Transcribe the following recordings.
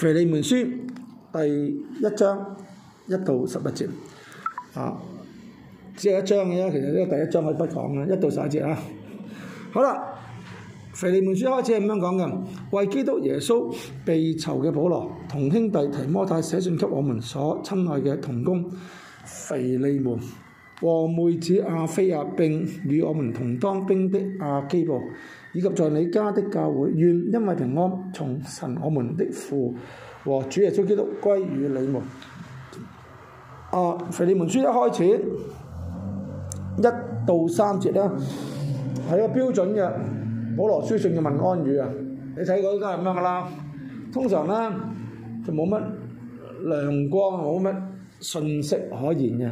腓利門書第一章一到十一節，啊，只有一章嘅啫，其實咧第一章可以不講嘅，一到十一節啊。好啦，腓利門書開始係咁樣講嘅，為基督耶穌被囚嘅保羅，同兄弟提摩太寫信給我們所親愛嘅同工腓利門，和妹子亞腓亞，並與我們同當兵的亞基布。以及在你家的教會，願因為平安，從神我們的父和主耶穌基督歸於你們。啊，腓利門書一開始一到三節啦，係個標準嘅保羅書信嘅問安語啊。你睇過都係咁樣噶啦。通常咧就冇乜亮光，冇乜訊息可言嘅。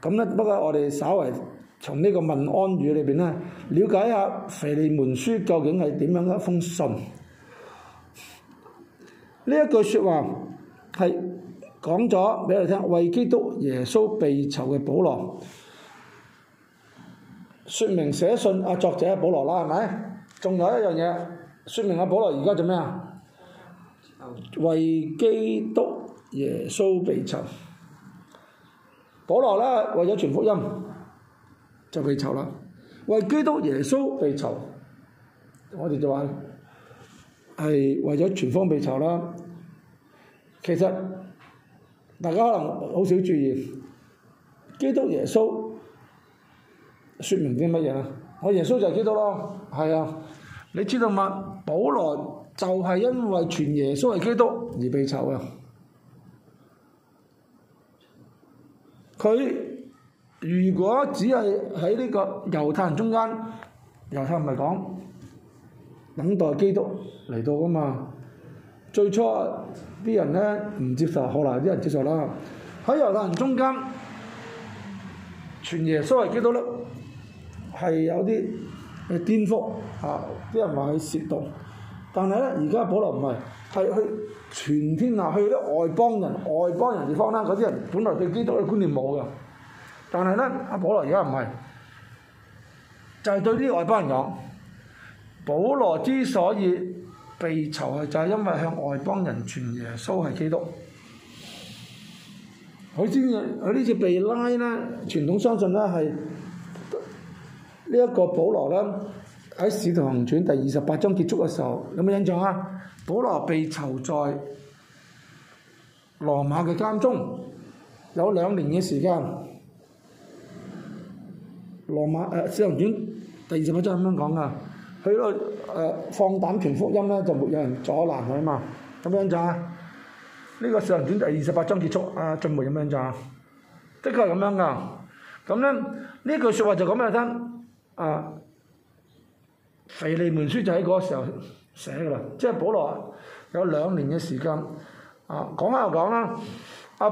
咁咧不過我哋稍為，從呢個問安語裏面呢，了解一下《腓利門書》究竟係點樣一封信？呢一句説話係講咗俾我哋聽，為基督耶穌被囚嘅保羅，説明寫信啊作者係保羅啦，係咪？仲有一樣嘢，説明阿、啊、保羅而家做咩啊？為基督耶穌被囚，保羅呢，為咗傳福音。就被囚啦，為基督耶穌被囚，我哋就話係為咗全方被囚啦。其實大家可能好少注意，基督耶穌說明啲乜嘢啊？我耶穌就係基督咯，係啊。你知道嗎？保羅就係因為傳耶穌係基督而被囚啊。佢。如果只係喺呢個猶太人中間，猶太人咪講等待基督嚟到噶嘛？最初啲人咧唔接受，可能啲人接受啦。喺猶太人中間傳耶穌係基督咯，係有啲係顛覆嚇，啲、啊、人話佢褻瀆。但係咧，而家保羅唔係係去全天下，去啲外邦人，外邦人地方啦，嗰啲人本來對基督嘅觀念冇㗎。但係呢，阿保羅而家唔係，就係對呢啲外邦人講，保羅之所以被囚係就係因為向外邦人傳耶穌係基督。佢先，佢呢次被拉呢，傳統相信呢係呢一個保羅咧喺《使徒行傳》第二十八章結束嘅時候，有冇印象啊？保羅被囚在羅馬嘅監中有兩年嘅時間。羅馬誒《使徒行傳》第二十八章，係咁樣講噶，佢喺誒放膽傳福音咧，就沒有人阻攔佢啊嘛。咁樣咋？呢、這個《使徒行傳》第二十八章結束啊，進門咁樣咋？的確係咁樣噶。咁咧呢句說話就講俾你聽啊，《腓利門書》就喺嗰個時候寫噶啦，即係保羅有兩年嘅時間啊。講下又講啦，阿、啊、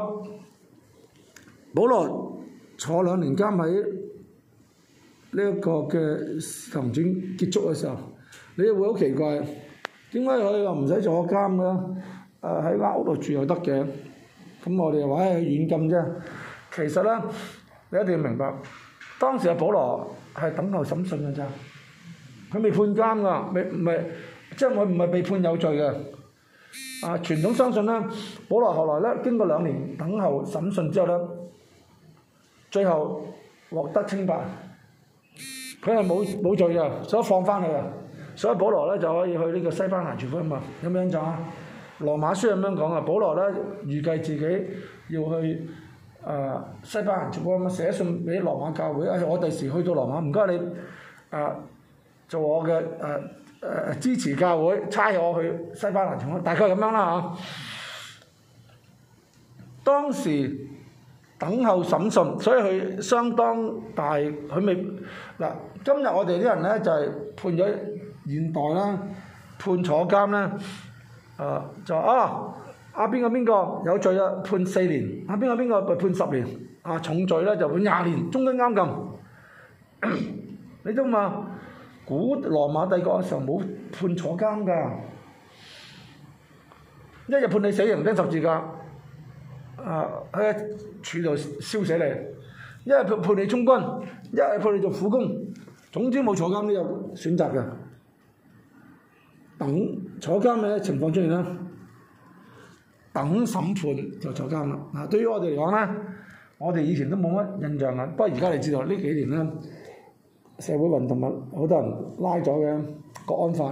保羅坐兩年監喺。呢一個嘅行程結束嘅時候，你會好奇怪點解我哋又唔使坐監嘅？喺、呃、間屋度住又得嘅，咁、嗯、我哋話係軟禁啫。其實咧，你一定要明白，當時阿保羅係等候審訊嘅咋，佢未判監㗎，未唔係即係我唔係被判有罪嘅。啊，傳統相信咧，保羅後來咧經過兩年等候審訊之後咧，最後獲得清白。佢係冇冇罪嘅，所以放翻去啊。所以保羅咧就可以去呢個西班牙傳福音啊。有冇印象啊？羅馬書咁樣講啊，保羅咧預計自己要去啊、呃、西班牙傳福音，寫信俾羅馬教會，哎、我第時去到羅馬，唔該你啊、呃，做我嘅誒誒支持教會，差我去西班牙傳福音。大概咁樣啦嚇、啊。當時等候審訊，所以佢相當大，佢未嗱。今日我哋啲人咧就係、是、判咗現代啦，判坐監咧、呃，啊就啊啊邊個邊個有罪啦判四年，啊邊個邊個判判十年，啊重罪咧就判廿年，中間監禁。 你都嘛？古羅馬帝國嘅時候冇判坐監噶，一日判你死刑釘十字架，啊喺、哎、處度燒死你，一係判你充軍，一係判你做苦工。總之冇坐監呢個選擇嘅，等坐監嘅情況出嚟啦，等審判就坐監啦。嗱，對於我哋嚟講咧，我哋以前都冇乜印象啦。不過而家你知道呢幾年咧，社會運動物，好多人拉咗嘅《國安法》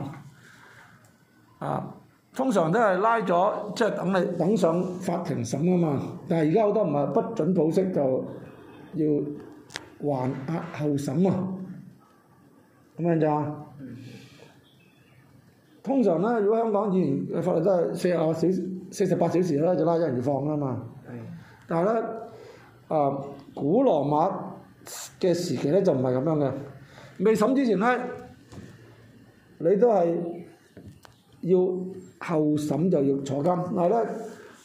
啊，通常都係拉咗，即係等你等上法庭審啊嘛。但係而家好多唔係，不准保釋就要還押候審啊。咁樣就，通常呢，如果香港以前法律都係四十八小時啦，就拉一人放啦嘛。但係呢，啊、呃、古羅馬嘅時期呢，就唔係咁樣嘅。未審之前呢，你都係要候審就要坐監。但係呢，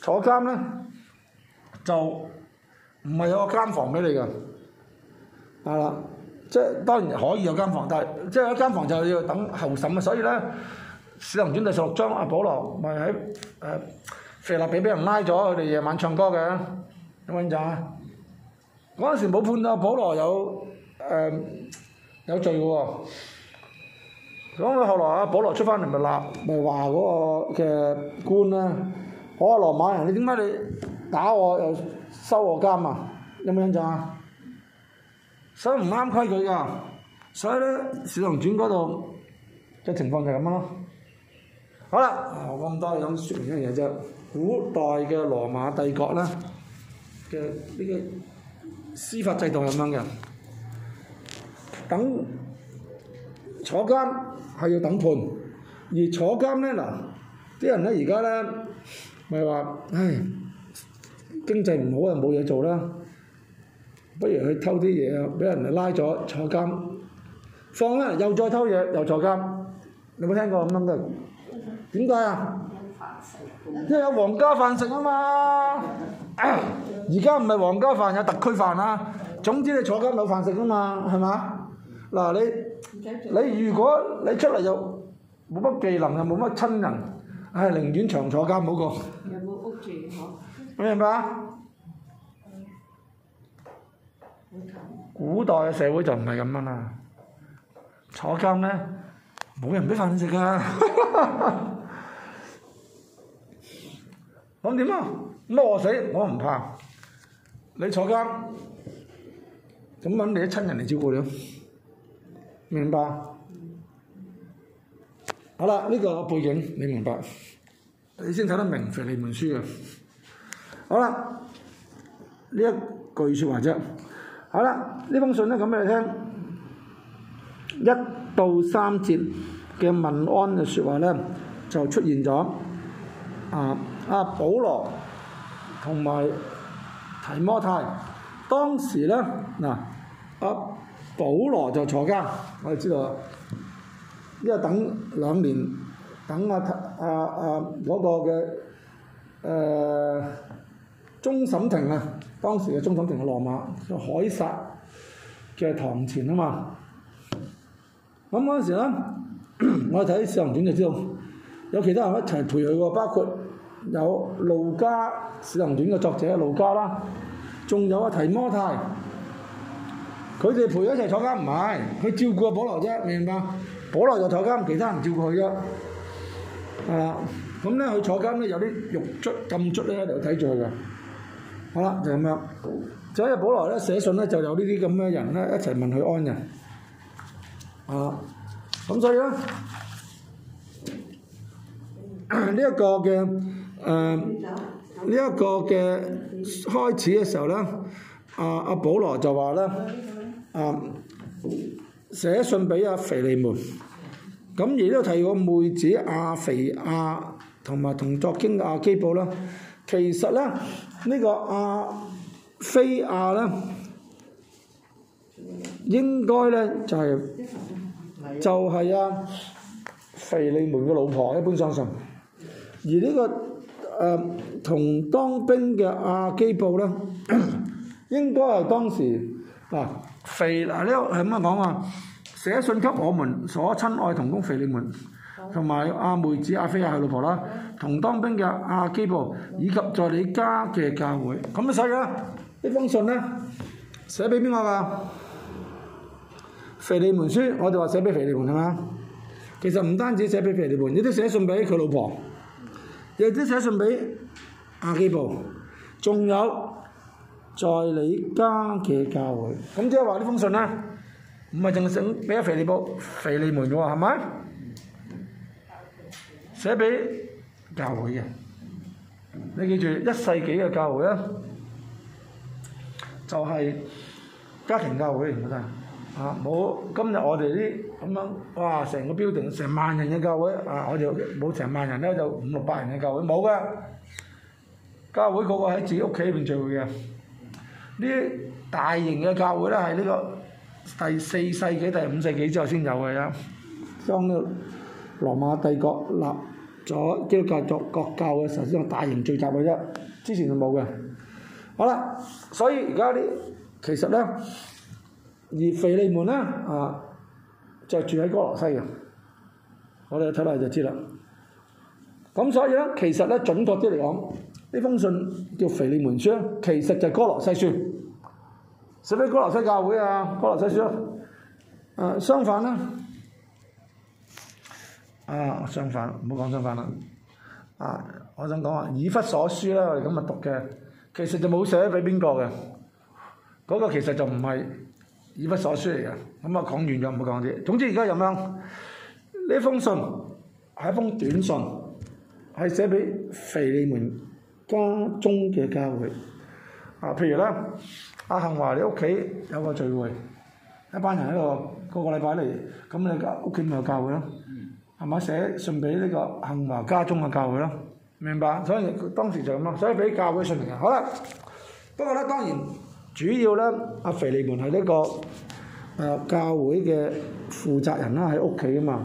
坐監呢，就唔係有個監房畀你㗎，係啦。即係當然可以有間房，但係即係有間房就要等候審，所以咧，《使徒行傳》第十六章阿保羅咪喺誒腓立比俾人拉咗，佢哋夜晚唱歌嘅，咁樣咋？嗰陣時冇判到保羅有誒、呃、有罪嘅喎、哦。咁佢後來阿保羅出翻嚟咪立咪話嗰個嘅官啦、啊，我阿、啊、羅馬人，你點解你打我又收我監啊？有冇印象啊？所以唔啱規矩㗎，所以呢，《小龍傳》嗰度嘅情況就係咁咯。好啦，我講咁多說明，想説完一樣就古代嘅羅馬帝國呢，嘅呢個司法制度咁樣嘅，等坐監係要等判，而坐監呢，嗱，啲人呢，而家呢咪話唉經濟唔好啊，冇嘢做啦。不如去偷啲嘢啊！俾人拉咗坐監，放啦又再偷嘢又坐監，你冇聽過咁樣嘅？點解啊？因為有皇家飯食啊嘛！而家唔係皇家飯，有特區飯啊。的總之你坐監有飯食啊嘛，係嘛？嗱的、啊、你你如果你出嚟又冇乜技能又冇乜親人，唉，寧願長坐監好過。有冇屋住可？明白？古代嘅社會就唔係咁樣啦、啊，坐監呢，冇人俾飯食噶，咁點啊？咁死我唔怕，你坐監，咁揾你啲親人嚟照顧你，明白？好啦，呢、這個背景你明白？你先睇得明《佛你本書》嘅。好啦，呢一句説話啫。好啦，呢封信呢，咁俾你聽，一到三節嘅問安嘅説話呢，就出現咗。啊，阿、啊、保羅同埋提摩太，當時呢，嗱、啊，阿、啊、保羅就坐監，我哋知道，因為等兩年，等阿阿阿嗰個嘅誒終審庭啊。當時嘅中港定係羅馬，就凱撒嘅堂前啊嘛。咁嗰陣時咧， 我睇《使徒行傳》就知道，有其他人一齊陪佢喎，包括有路加《使徒行傳》嘅作者路加啦，仲有阿提摩太。佢哋陪佢一齊坐監唔係，佢照顧阿保羅啫，明白？保羅就坐監，其他人照顧佢啫，係、啊、啦。咁咧，佢坐監咧有啲獄卒、禁卒咧喺度睇住佢嘅。好啦，就咁樣。就係保羅咧寫信咧，就有呢啲咁嘅人咧一齊問佢安嘅。啊，咁所以咧呢一個嘅誒呢一個嘅開始嘅時候咧，阿阿保羅就話咧啊寫信俾阿腓利門，咁亦都提過妹子亞腓亞同埋同作經嘅亞基布啦。其實咧。呢個阿菲亞咧，應該咧就係、是、就係啊腓利門嘅老婆，一般相信。而呢、這個誒、呃、同當兵嘅阿基布咧，應該係當時嗱腓嗱呢個係咁啊講啊，寫信給我們所親愛嘅同工腓利門。同埋阿妹子阿飛啊佢老婆啦，同當兵嘅阿基布，以及在你家嘅教會，咁都使噶？呢封信咧，寫俾邊個啊？腓利門書，我哋話寫俾腓利門係嘛？其實唔單止寫俾腓利門，你都寫信俾佢老婆，你都寫信俾阿基布，仲有在你家嘅教會。咁即係話呢封信啦，唔係淨係寫俾阿腓利布、腓利門喎，係咪？寫俾教會嘅，你記住一世紀嘅教會啊，就係、是、家庭教會嚟嘅，啊冇今日我哋啲咁樣，哇成個標定成萬人嘅教會，啊我哋冇成萬人咧，就五六百人嘅教會冇嘅，教會個個喺自己屋企裏邊聚會嘅，啲大型嘅教會咧係呢個第四世紀第五世紀之後先有嘅呢將呢個羅馬帝國立。左基督教作國教嘅時候先有大型聚集嘅啫，之前就冇嘅。好啦，所以而家啲其實咧，而腓利門咧啊，就住喺哥羅西嘅。我哋睇落就知啦。咁所以咧，其實咧準確啲嚟講，呢封信叫腓利門書，其實就係哥羅西書，寫俾哥羅西教會啊，哥羅西書啊。啊，相反啦。啊，相反唔好講相反啦。啊，我想講話以弗所書啦，我哋今日讀嘅，其實就冇寫俾邊個嘅，嗰、那個其實就唔係以弗所書嚟嘅。咁啊講完咗，唔好講啲。總之而家咁樣，呢封信係一封短信，係寫俾腓利門家中嘅教會。啊，譬如咧，阿杏話你屋企有個聚會，一班人喺度個個禮拜嚟，咁你屋企咪有教會咯？嗯係咪寫信俾呢個幸華家中嘅教會咯？明白，所以當時就咁咯，所以俾教會信便啊。好啦，不過咧當然主要咧，阿腓利門係呢個誒、呃、教會嘅負責人啦，喺屋企啊嘛，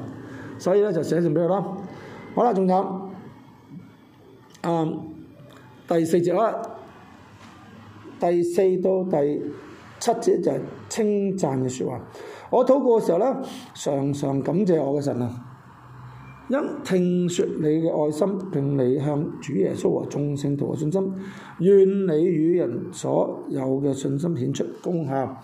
所以咧就寫信俾佢咯。好啦，仲有誒、嗯、第四節啦、嗯嗯，第四到第七節就係稱讚嘅説話。我禱告嘅時候咧，常常感謝我嘅神啊！因聽説你嘅愛心，並你向主耶穌和眾聖徒嘅信心，願你與人所有嘅信心顯出功效，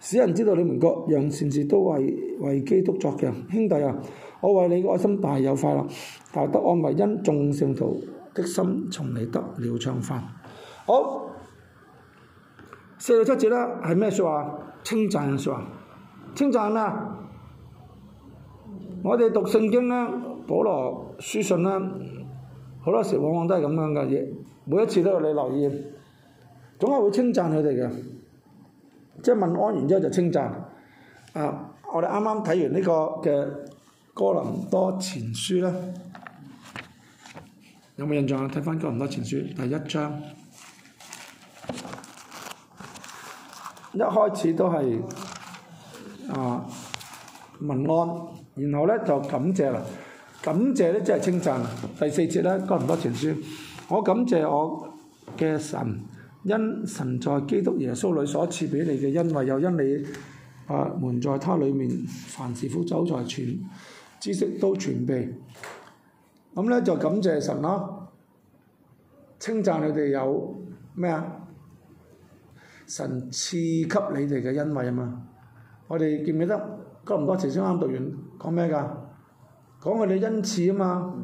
使人知道你們各樣善事都係為基督作嘅。兄弟啊，我為你嘅愛心大有快樂，大得安慰，因眾聖徒的心從你得了暢快。好，四到七節咧係咩説話？稱讚嘅説話，稱讚啊！我哋讀聖經啦。保羅書信啦，好多時往往都係咁樣嘅嘢，每一次都有你留意，總係會稱讚佢哋嘅，即係問安然之後就稱讚。啊，我哋啱啱睇完呢個嘅哥林多前書啦，有冇印象啊？睇翻哥林多前書第一章，一開始都係啊問安，然後咧就感謝啦。感謝咧，即係稱讚。第四節咧，哥林多前書？我感謝我嘅神，因神在基督耶穌裏所賜畀你嘅恩惠，又因你啊們在他裏面凡事苦惱在前，知識都全備。咁、嗯、咧就感謝神咯，稱讚你哋有咩啊？神賜給你哋嘅恩惠啊嘛！我哋記唔記得哥林多前書啱啱讀完講咩㗎？講佢哋恩賜啊嘛，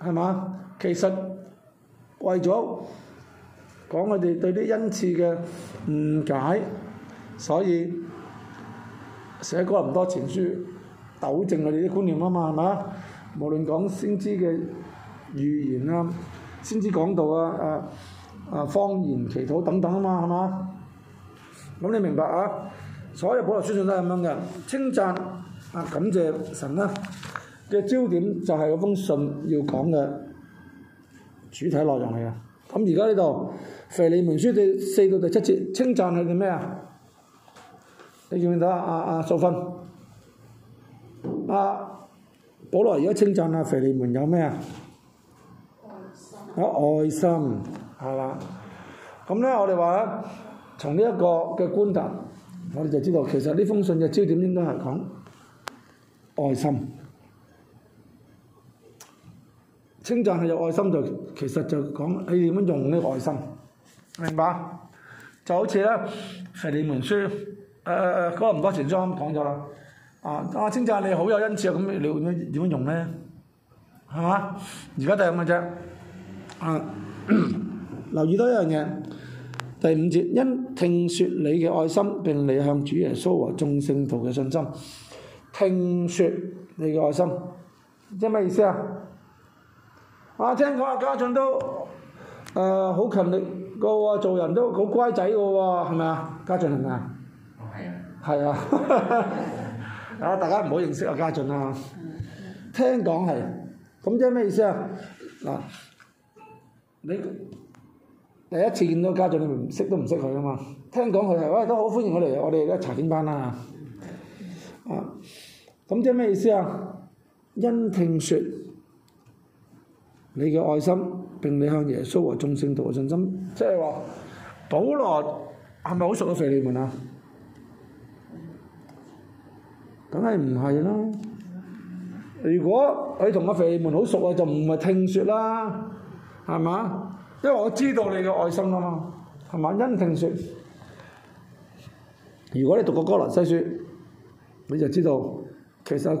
係嘛？其實為咗講佢哋對啲恩賜嘅誤解，所以寫咗咁多前書糾正佢哋啲觀念啊嘛，係咪啊？無論講先知嘅預言啊、先知講道啊、啊啊方言祈禱等等啊嘛，係嘛？咁你明白啊？所有保羅書信都係咁樣嘅，稱讚。啊！感謝神啦，嘅焦點就係嗰封信要講嘅主題內容嚟嘅。咁而家呢度腓利門書第四到第七節稱讚佢哋咩啊？你見唔見到啊？啊啊，素芬啊，保羅而家稱讚啊，腓利門有咩啊？有愛心，係啦。咁咧，我哋話咧，從呢一個嘅觀察，我哋就知道其實呢封信嘅焦點應該係講。愛心，稱讚係有愛心就其實就講你點樣用呢個愛心，明白？就好似咧，係你們書誒誒誒，嗰、呃那個唔多時張啱講咗啦，啊啊，稱讚你好有恩賜啊，咁你點樣用咧？係嘛？而家第五隻，留意多一樣嘢，第五節因聽說你嘅愛心，並你向主耶穌和眾聖徒嘅信心。聽説你嘅愛心，即係咩意思啊？啊，聽講阿家俊都好勤、呃、力個做人都好乖仔個喎，係咪啊？家俊係咪啊？係啊， 啊。大家唔好認識啊，家俊啊。嗯嗯。聽講係，咁即係咩意思啊？啊你第一次見到家俊，你唔識都唔識佢啊嘛。聽講佢係喂都好歡迎我哋，我哋咧查經班啊。啊，咁即係咩意思啊？因聽説你嘅愛心，並你向耶穌和眾聖徒嘅信心，即係話，保羅係咪好熟個、啊、腓利門啊？梗係唔係啦？如果你同個腓利門好熟啊，就唔係聽説啦，係咪？因為我知道你嘅愛心嘛、啊，係咪？因聽説，如果你讀過《歌羅西書》。你就知道，其實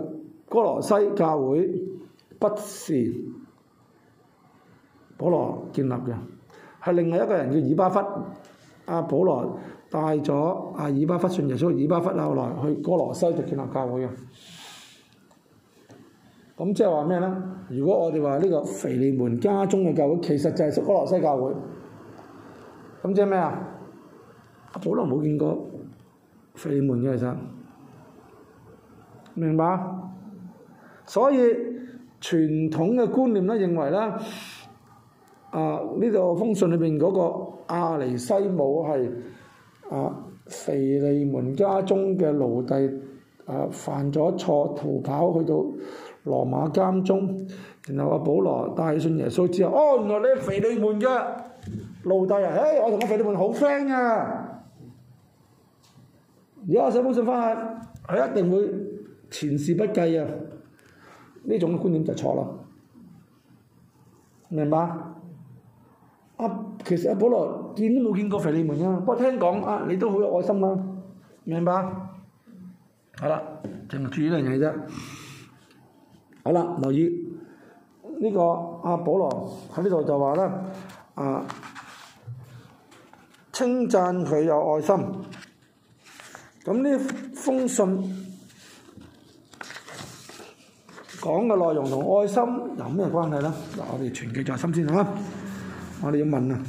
哥羅西教會不是保羅建立嘅，係另外一個人叫以巴弗。阿、啊、保羅帶咗阿以巴弗信耶穌，以巴弗後來去哥羅西就建立教會嘅。咁即係話咩咧？如果我哋話呢個腓利門家中嘅教會，其實就係屬哥羅西教會。咁即係咩啊？阿保羅冇見過腓利門嘅，其實。明白，所以傳統嘅觀念咧，認為咧，啊呢度封信裏邊嗰個亞尼西姆係啊腓利門家中嘅奴隸，呃，犯咗錯逃跑去到羅馬監中，然後阿保羅帶信耶穌之後，哦原來你係腓利門嘅奴隸啊，唉我同阿腓利門好 friend，啊、如果我寫封信翻去，佢一定會。前事不計啊！呢種觀點就錯咯，明白？阿、啊、其實阿、啊、保羅見都冇見過腓利門啊，不過聽講啊，你都好有愛心啦、啊，明白？好啦、嗯，就係注意呢樣嘢啫。好、嗯、啦，留意呢、這個阿、啊、保羅喺呢度就話啦，啊，稱讚佢有愛心，咁呢封信。講嘅內容愛、這個、同愛心有咩關係咧？嗱，我哋傳記在心先啦。我哋要問啊，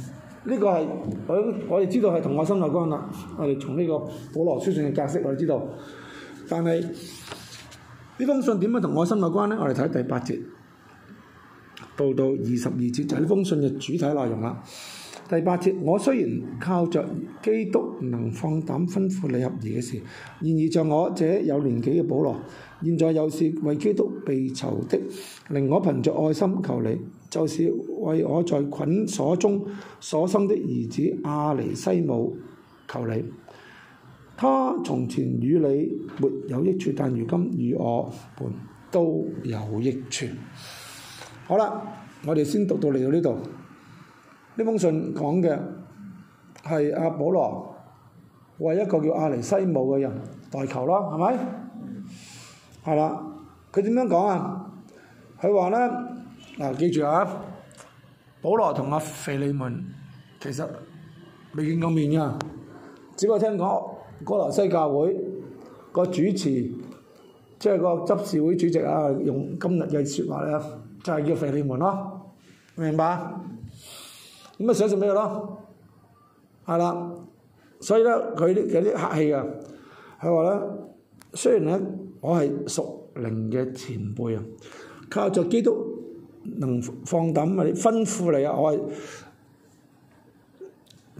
呢個係我我哋知道係同愛心有關啦。我哋從呢個《保羅書信》嘅格式，我哋知道，但係呢封信點樣同愛心有關咧？我哋睇第八節到到二十二節，就係、是、呢封信嘅主體內容啦。第八節，我雖然靠着基督能放膽吩咐你合宜嘅事，然而像我這有年紀嘅保羅，現在又是為基督被囚的，令我憑着愛心求你，就是為我在捆鎖中所生的兒子阿尼西姆求你。他從前與你沒有益處，但如今與我伴都有益處。好啦，我哋先讀到嚟到呢度。呢封信講嘅係阿保羅為一個叫阿尼西姆嘅人代求咯，係咪？係啦，佢點樣講啊？佢話咧嗱，記住啊，保羅同阿腓利門其實未見過面㗎，只不過聽講哥羅西教會個主持即係個執事會主席啊，用今日嘅説話咧，就係叫腓利門咯，明白？咁咪寫信畀佢咯，係啦，所以咧佢有啲客氣嘅，佢話咧，雖然咧我係屬靈嘅前輩啊，靠着基督能放膽啲吩咐你啊，我係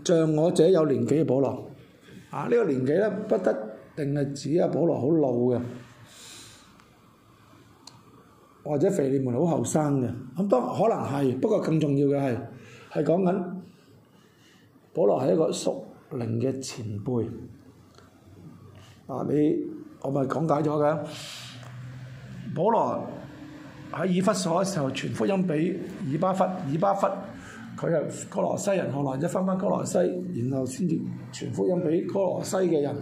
像我這有年紀嘅保羅，啊呢個年紀咧不得定係指阿保羅好老嘅，或者腓利門好後生嘅，咁都可能係，不過更重要嘅係。係講緊，保羅係一個屬靈嘅前輩，啊！你我咪講解咗嘅，保羅喺以弗所嘅時候傳福音畀以巴弗，以巴弗佢係哥羅西人，後來一翻返哥羅西，然後先至傳福音畀哥羅西嘅人，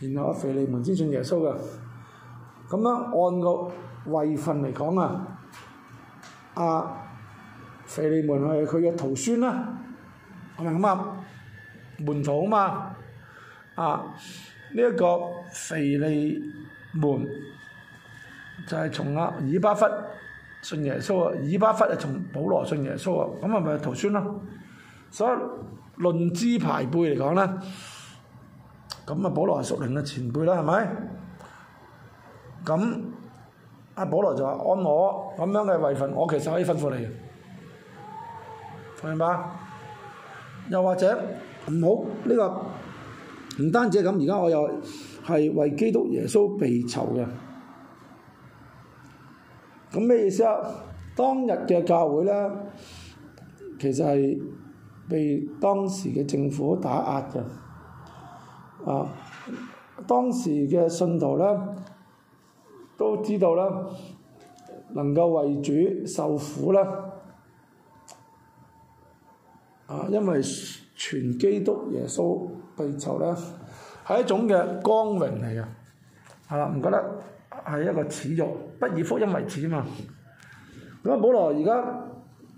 然後阿、啊、腓利門先信耶穌嘅。咁樣按個位份嚟講啊，啊！腓利門係佢嘅徒孫啦，係咪咁啊？門徒啊嘛，啊呢一、這個腓利門就係、是、從阿以巴弗信耶穌啊，以巴弗係從保羅信耶穌啊，咁係咪徒孫咯？所以論資排輩嚟講咧，咁啊保羅係屬靈嘅前輩啦，係咪？咁阿、啊、保羅就話：按我咁樣嘅位分，我其實可以吩咐你嘅。明白？又或者唔好呢個？唔單止係咁，而家我又係為基督耶穌被囚嘅。咁咩意思啊？當日嘅教會呢，其實係被當時嘅政府打壓嘅。啊，當時嘅信徒呢，都知道咧，能夠為主受苦咧。啊，因為全基督耶穌被囚咧，係一種嘅光榮嚟嘅，係、啊、啦，唔覺得係一個恥辱，不以福音為恥啊嘛。咁啊，保羅而家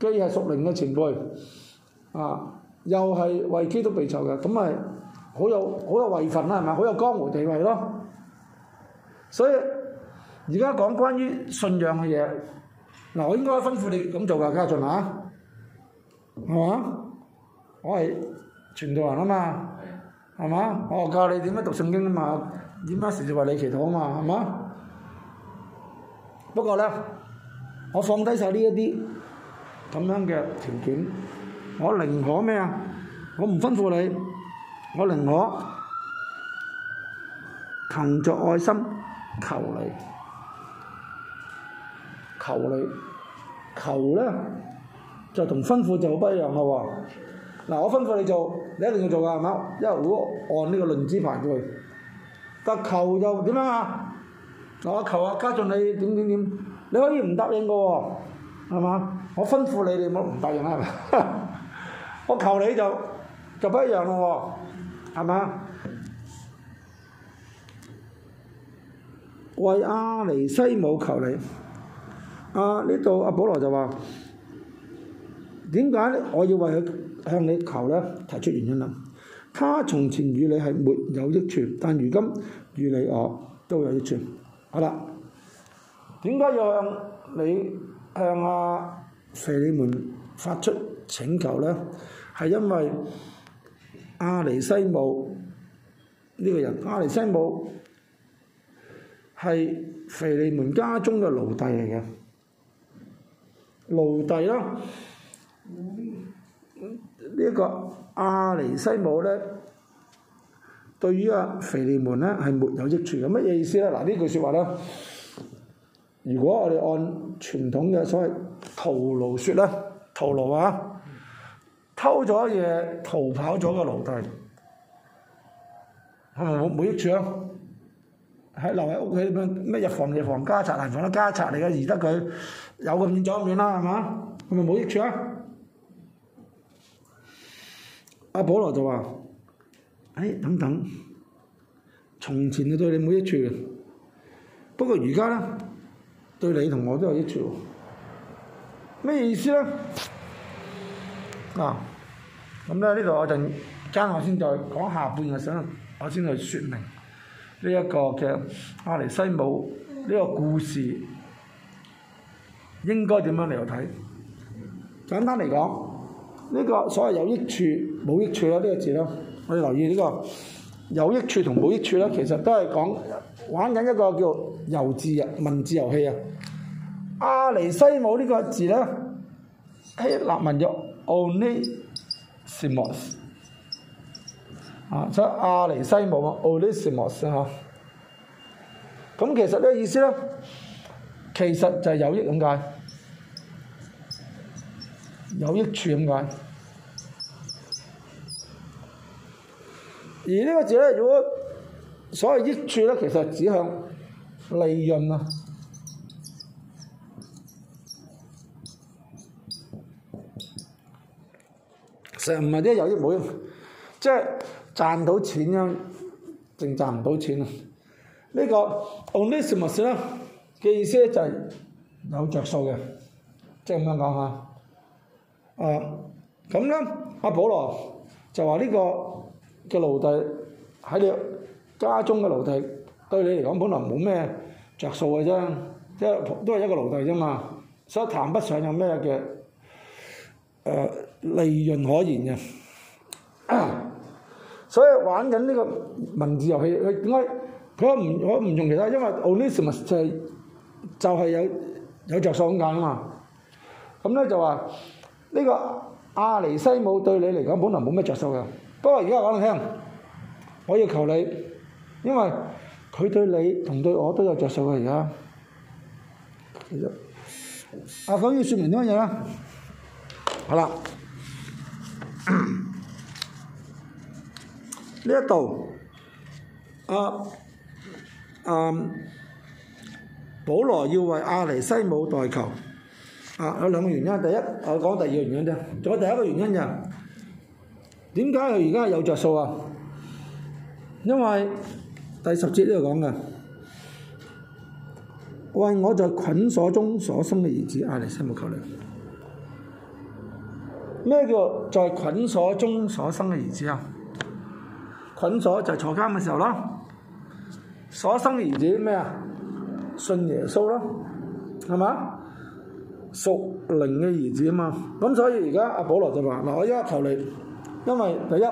既係屬靈嘅前輩，啊，又係為基督被囚嘅，咁咪好有好有位份啦、啊，係咪？好有江湖地位咯、啊。所以而家講關於信仰嘅嘢，嗱、啊，我應該吩咐你咁做噶，家俊啊，係、啊、嘛？我係傳道人啊嘛，係的、哦、嘛？我教你點樣讀聖經啊嘛，點樣時就為你祈禱啊嘛，係嘛？不過呢，我放低曬呢一啲咁樣嘅條件，我寧可咩啊？我唔吩咐你，我寧可憑着愛心求你，求你，求呢，就同吩咐就好不一樣嘅喎。我吩咐你做，你一定要做噶，係嘛？因為如果按呢個倫次排去，個球又點樣啊？嗱，個球啊，家俊你點點點，你可以唔答應個喎，係嘛？我吩咐你，你唔好唔答應啦，係咪？ 我求你就就不一樣咯喎，係咪啊？為阿尼西姆求你，啊呢度阿保羅就話點解我要為佢？向你求咧，提出原因啦。他從前與你係沒有，有益處，但如今與你我都有益處。好啦，點解要向你向阿、啊、腓利門發出請求呢？係因為阿尼西姆呢、這個人，阿尼西姆係腓利門家中嘅奴隸嚟嘅，奴隸啦。嗯呢一個亞尼西姆呢，對於腓利門咧係沒有益處嘅。乜嘢意思呢？嗱，呢句説話咧，如果我哋按傳統嘅所謂逃奴説咧，逃奴啊，偷咗嘢逃跑咗嘅奴隸，係咪冇冇益處啊？留喺屋企咁樣咩日防夜防家賊難防，家賊嚟嘅，而得佢有咁遠走咁遠啦，係嘛？係咪冇益處啊？阿保羅就話：誒、哎、等等，從前嘅對你冇益處，不過而家呢，對你同我都有益處，咩意思呢？啊，咁咧呢度我陣間我先再講下半日，想我先去説明呢、這、一個嘅阿尼西姆呢個故事應該點樣嚟睇？簡單嚟講，呢、這個所謂有益處。冇益處啦、啊，呢、這個字啦，我哋留意呢、這個有益處同冇益處啦、啊，其實都係講玩緊一個叫遊字遊文字遊戲啊。亞尼西姆呢個字呢，希臘文叫 Onesimus 啊，即係亞尼西姆啊，Onesimus 啊，咁其實呢個意思咧，其實就係有益咁解，有益處咁解。而呢個字呢，如果所謂益處呢，其實指向利潤啊，成唔係啲有益冇用，即係賺到錢啊，淨賺唔到錢啊！呢、這個 Onesimus 嘅意思咧就係有着數嘅，即係咁樣講嚇。啊、呃，咁呢，阿保羅就話呢、這個。嘅奴隸喺你家中嘅奴隸對你嚟講，本來冇咩着數嘅啫，即係都係一個奴隸啫嘛，所以談不上有咩嘅誒利潤可言嘅。 所以玩緊呢個文字遊戲，佢點解佢唔佢唔用其他？因為阿尼西姆就係、是、就係、是、有有著數咁解啊嘛。咁咧就話呢、這個亞尼西姆對你嚟講，本來冇咩着數嘅。不過而家講嚟聽，我要求你，因為佢對你同對我都有著數嘅。而家，阿講要説明一樣嘢啦？好啦，呢一度，阿啊保羅要為阿尼西姆代求，啊有兩個原因，第一我講第二原因啫，仲有第一個原因就。點解佢而家有着數啊？因為第十節都有講嘅，為我在捆鎖中所生嘅兒子，阿尼西姆，求你。咩叫在、就是、捆鎖中所生嘅兒子啊？捆鎖就坐監嘅時候咯，所生嘅兒子咩啊？信耶穌咯，係嘛？屬靈嘅兒子啊嘛。咁所以而家阿保羅就話：嗱，我而家求你。因為第一，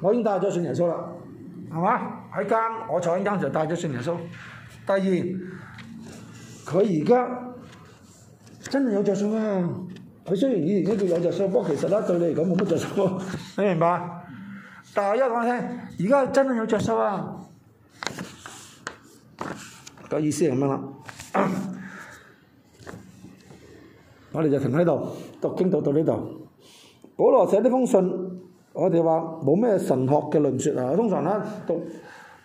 我已經帶咗信耶穌啦，係嘛？喺監我坐喺監就帶咗信耶穌。第二，佢而家真係有著數啊！佢雖然以前呢叫有著數，不過其實呢對你嚟講冇乜著數，你明白？但係我一講你聽，而家真係有著數啊！這個意思係乜啦？我哋就停喺度讀經到，讀到呢度。保羅寫呢封信，我哋話冇咩神學嘅論說啊。通常咧讀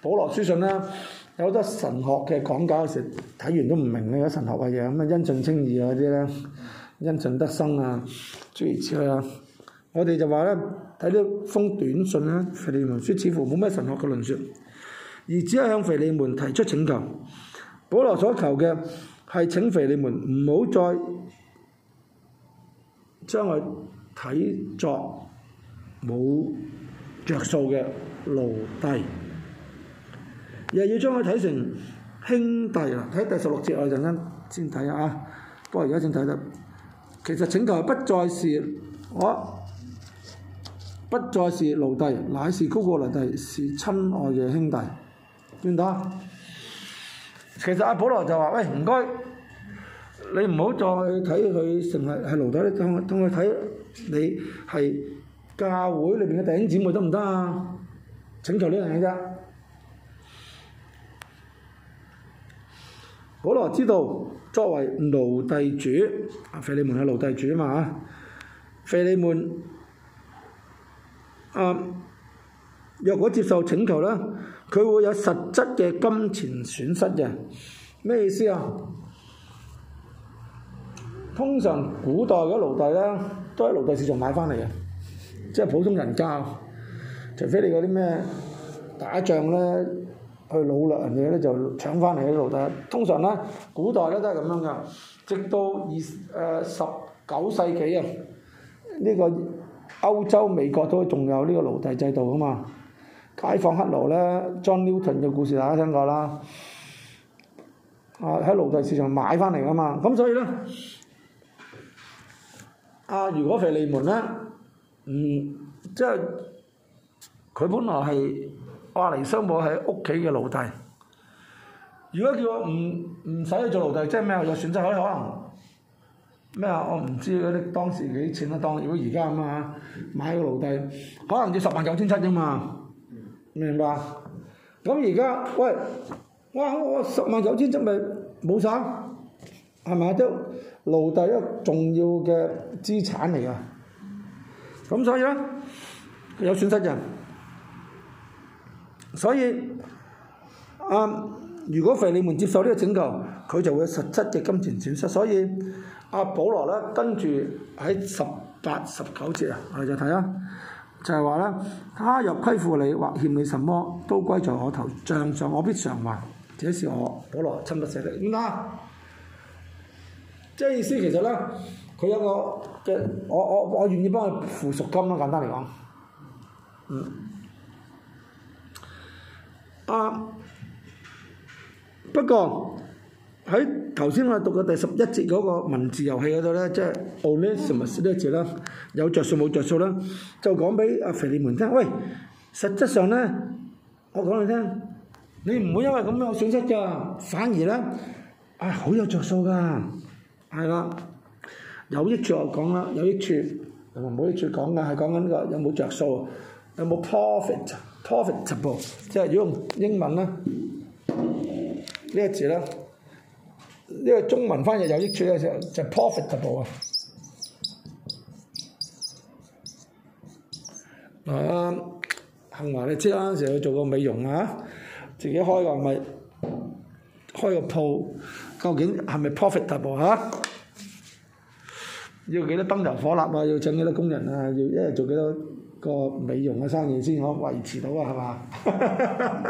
保羅書信咧，有好多神學嘅講解嘅時，睇完都唔明咧，有神學嘅嘢，咁啊因信稱義啊嗰啲咧，因信得生啊諸如此類啊。我哋就話咧，睇呢封短信咧，腓利門書似乎冇咩神學嘅論說，而只係向腓利門提出請求。保羅所求嘅係請腓利門唔好再將佢。睇作冇著數嘅奴隸，又要將佢睇成兄弟啦！睇第十六節啊，我陣間先睇下啊。不過而家先睇得，其實請求不再是我，不再是奴隸，乃是高過奴隸，是親愛嘅兄弟。點解？其實阿保羅就話：喂，唔該。你唔好再睇佢成日喺奴隸，你當佢當佢睇你係教會裏邊嘅弟兄姊妹得唔得啊？請求呢樣嘢啫。保羅，知道作為奴隸主腓利門係奴隸主啊嘛嚇，腓利門啊，若果接受請求咧，佢會有實質嘅金錢損失嘅。咩意思啊？通常古代嗰啲奴隸咧，都喺奴隸市場買翻嚟嘅，即係普通人家，除非你嗰啲咩打仗咧，去擄掠人哋咧就搶翻嚟喺奴隸。通常咧，古代咧都係咁樣噶。直到二誒十九世紀啊，呢個歐洲、美國都仲有呢個奴隸制度啊嘛。解放黑奴咧，John Newton 嘅故事大家聽過啦。啊，喺奴隸市場買翻嚟啊嘛，咁所以咧。啊！如果腓利門咧，嗯，即係佢本來係阿尼西母喺屋企嘅奴隸。如果叫我唔唔使去做奴隸，即係咩啊？有選擇，可以可能咩啊？我唔知啲當時幾錢啦。當如果而家咁啊嚇，買個奴隸，可能要十萬九千七啫嘛，明白？咁而家喂，哇！我十萬九千七咪冇曬，係咪都～奴隸一個重要嘅資產嚟噶，咁所以呢，有損失嘅，所以阿、嗯、如果腓利門接受呢個拯救，佢就會有實質嘅金錢損失。所以阿、啊、保羅呢，跟住喺十八十九節啊，我哋就睇啦，就係話咧，他若虧負你或欠你什麼都歸在我頭，帳上我必償還。這是我保羅親筆寫的。即係意思其實咧，佢有個嘅，我我我願意幫佢付贖金咯，簡單嚟講，嗯。啊，不過喺頭先我哋讀嘅第十一節嗰個文字遊戲嗰度咧，即係 Onesimus 呢節啦，有着數冇着數啦，就講俾腓利門聽。喂，實質上咧，我講你聽，你唔會因為咁樣有損失㗎，反而咧，唉、哎，好有着數㗎。係啦，有益處就講啦，有益處同冇益處講嘅係講緊呢個有冇着數，有冇 profit，profitable。即係如果用英文咧，呢、呢個字咧，呢、呢個中文翻譯有益處嘅時候就就 profitable 啊。嗱啱，幸華你知啦就去做個美容啊！自己開個係咪開個鋪，究竟係咪 profitable 啊？要幾多燈油火蠟啊？要請幾多工人啊？要一日做幾多個美容嘅生意先可以維持到啊？係嘛？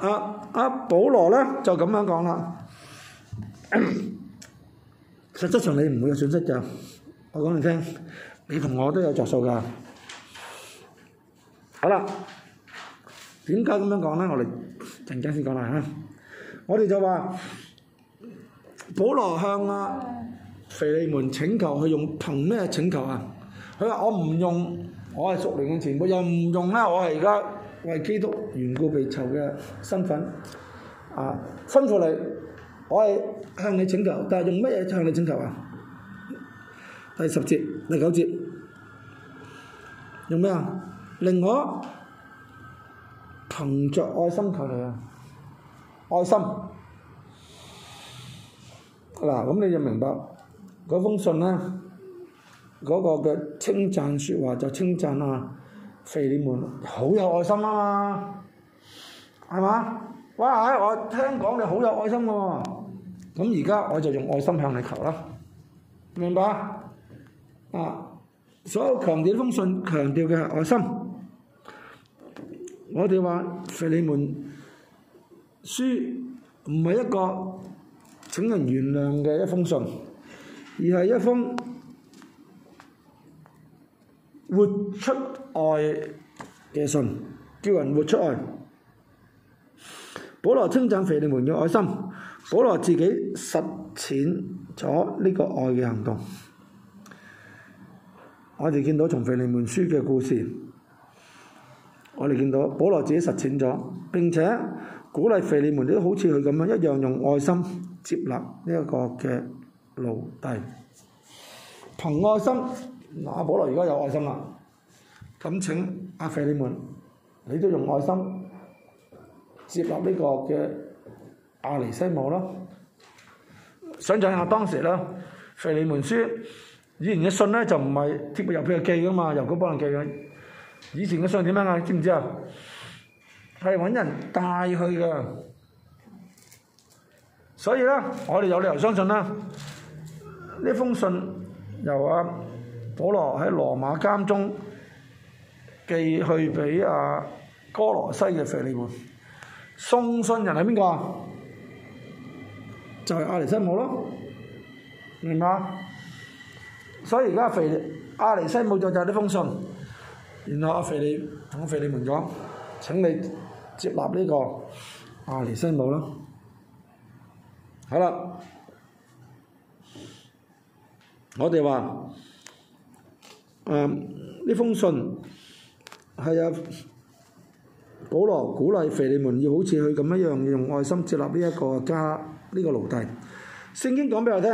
阿阿保羅咧就咁樣講啦。實質上你唔會有損失㗎。我講你聽，你同我都有著數㗎。好啦，點解咁樣講咧？我哋陣間先講啦嚇。我哋就話保羅向啊。肥利門請求去用憑咩請求啊？佢話我唔用，我係屬靈嘅前輩，又唔用啦。我係而家我為基督原故被囚嘅身份。啊，吩咐你，我係向你請求，但係用咩嘢向你請求啊？第十節、第九節，用咩啊？令我憑着愛心求你啊！愛心嗱，咁、啊、你就明白。嗰封信呢，嗰、那個嘅稱讚説話就稱讚啊，腓利門好有愛心啊嘛，係嘛？哇！我聽講你好有愛心嘅、啊、喎，咁而家我就用愛心向你求啦，明白啊？啊，所有強調封信強調嘅係愛心。我哋話腓利門書唔係一個請人原諒嘅一封信。而係一封活出愛嘅信，叫人活出愛。保羅稱讚腓利門嘅愛心，保羅自己實踐咗呢個愛嘅行動。我哋見到從腓利門書嘅故事，我哋見到保羅自己實踐咗，並且鼓勵腓利門都好似佢咁樣一樣用愛心接納呢一個嘅奴隸，憑愛心，嗱、啊、阿保羅而家有愛心啦，咁請阿腓利門，你都用愛心接納呢個嘅阿尼西姆咯，想象下當時啦，腓利門書，以前嘅信咧就唔係貼入郵票寄噶嘛，郵局幫人寄嘅，以前嘅信點樣啊？知唔知啊？係揾人帶去㗎，所以咧，我哋有理由相信啦。呢封信由阿、啊、保羅喺羅馬監中寄去俾阿、啊、哥羅西嘅腓利門，送信人係邊個？就係、是、阿里西姆咯，明、嗯、嘛、啊？所以而家腓阿里西姆就就呢封信，然後阿、啊、腓利同阿腓利門講，請你接納呢、這個阿里西姆咯，好、嗯、啦、啊。嗯啊。我哋話：嗯，呢封信係啊，保羅鼓勵腓利門要好似佢咁一樣，要用愛心接納呢一個家，呢個奴隸。聖經講俾我聽，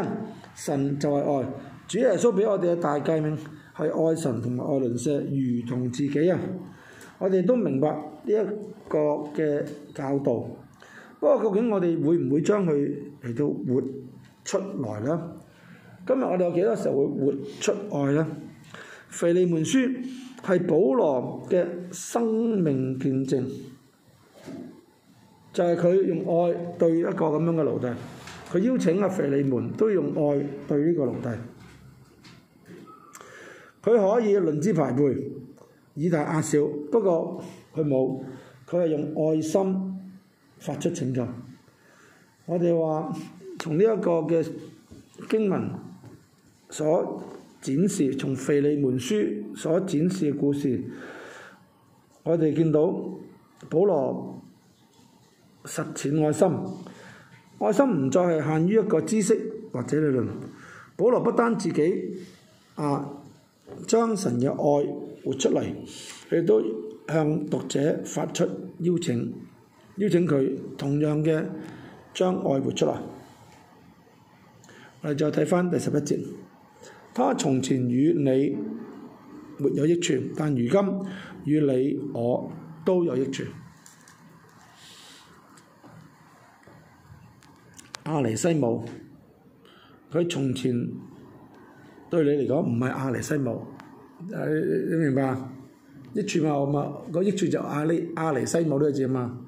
神就係愛，主耶穌俾我哋嘅大誡命係愛神同埋愛鄰舍，如同自己啊！我哋都明白呢一個嘅教導，不過究竟我哋會唔會將佢嚟到活出來呢？今日我哋有幾多時候會活出愛呢？腓利門書係保羅嘅生命見證，就係、是、佢用愛對一個咁樣嘅奴隸，佢邀請阿腓利門都用愛對呢個奴隸。佢可以論資排輩，以大壓小，不過佢冇，佢係用愛心發出請求。我哋話從呢一個嘅經文。所展示從腓利門書所展示嘅故事，我哋見到保羅實踐愛心，愛心唔再係限於一個知識或者理論。保羅不單自己啊將神嘅愛活出嚟，亦都向讀者發出邀請，邀請佢同樣嘅將愛活出嚟。我哋再睇翻第十一節。他從前與你沒有益處，但如今與你我都有益處。阿尼西母，佢從前對你嚟講唔係阿尼西母，你你明白？益處嘛，唔係，個益處就阿尼阿尼西母呢個字啊嘛。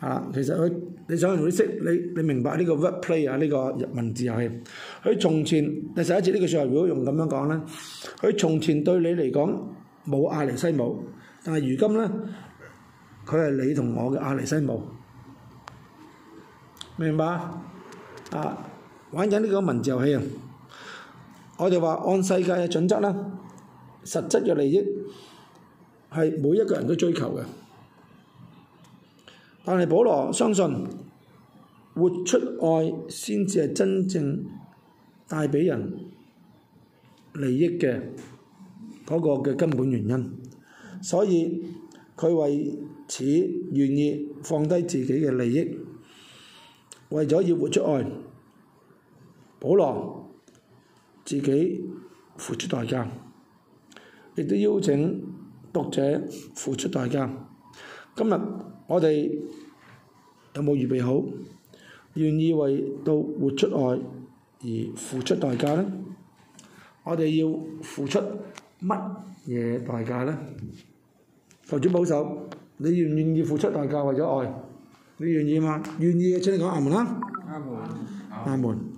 啊，其實佢你想同想識？你你明白呢個 wordplay 啊？呢個文字遊戲。佢從前第十一節呢句説話如果用咁樣講咧，佢從前對你嚟講冇阿尼西姆，但係如今咧，佢係你同我嘅阿尼西姆，明唔明白啊？玩緊呢個文字遊戲啊！我哋話按世界嘅準則咧，實質嘅利益係每一個人都追求嘅，但係保羅相信活出愛先至係真正。帶畀人利益嘅嗰個嘅根本原因，所以佢為此願意放低自己嘅利益，為咗要活出愛，保羅自己付出代價，亦都邀請讀者付出代價。今日我哋有冇預備好？願意為到活出愛？而付出代價呢，我哋要付出乜嘢代價呢？求主保守，你願唔願意付出代價為咗愛？你願意嘛？願意嘅，請你講阿門啦，阿門，阿門。